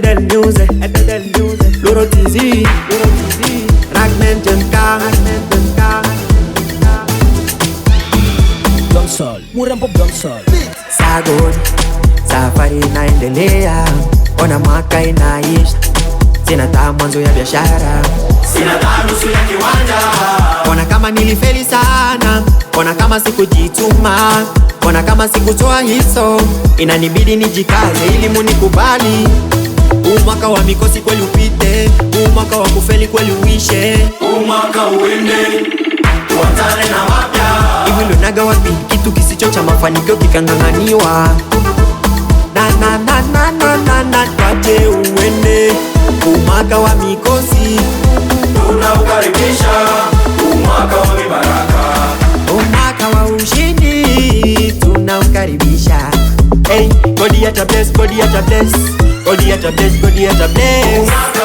tête del news Loro tizi Ragnen jenka Donsol, Murambo Donsol Sagod, safari inaendelea Ona maka inaisha Sina taa mwanzo ya biashara Sina taa nusu ya kiwanja Ona kama nilifeli sana Ona kama sikujituma Ona kama sikutoa hiso, inanibidi nijikaze ili munikubali umaka wa mikosi kweli upite, umaka wa kufeli kweli uishe, umaka uende tuanzane na wapya Hivi naga wapi kitu kisicho cha mafanikio kikang'ang'aniwa na na na na na na na uende umaka wa mikosi tunaukaribisha umaka wa mibaraka umaka wa ushindi tunaukaribisha Hey, body at a bless, body at a bless, body at a bless, body at a bless.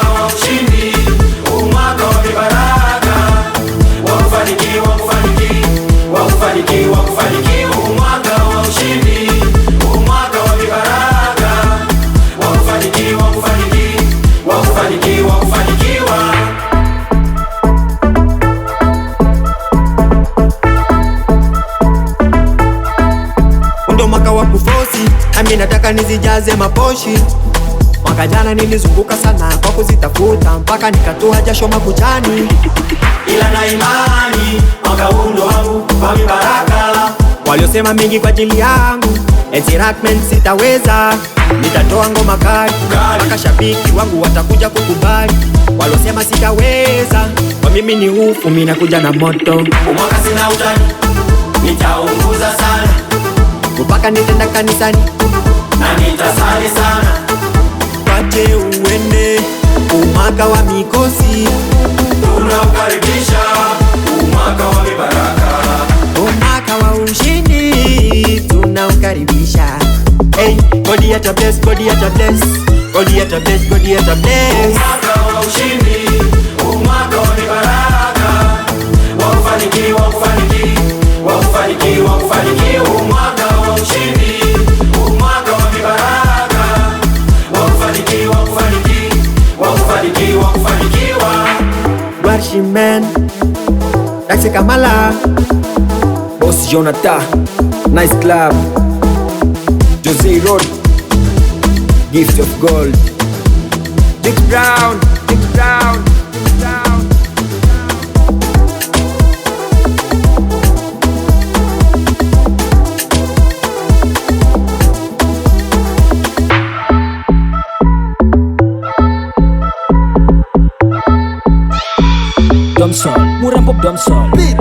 maji, nami nataka nizijaze maposhi. Mwaka jana nilizunguka sana kwa kuzitafuta mpaka nikatoa jasho makuchani, ila na imani mwaka huu wangu kwa mibaraka. Waliosema mingi kwa ajili yangu eti Rackman sitaweza, nitatoa ngoma kali shabiki wangu watakuja kukubali. Waliosema sitaweza, kwa mimi ni ufu, minakuja na moto. Mwaka sina utani, nitaunguza sana mpaka nitenda kanisani na nitasali sana pate uende umaka wa mikosi tunakaribisha umaka wa mibaraka umaka wa ushindi tunaukaribisha hey, God a bless, God a bless, God a bless, God a bless umaka wa ushindi umaka wa mibaraka wa kufanikiwa she men like say Kamala, Boss Jonathan, nice club, Jose Road, gift of gold, Big Brown, Big Brown. Damson, murang pop Damson Beat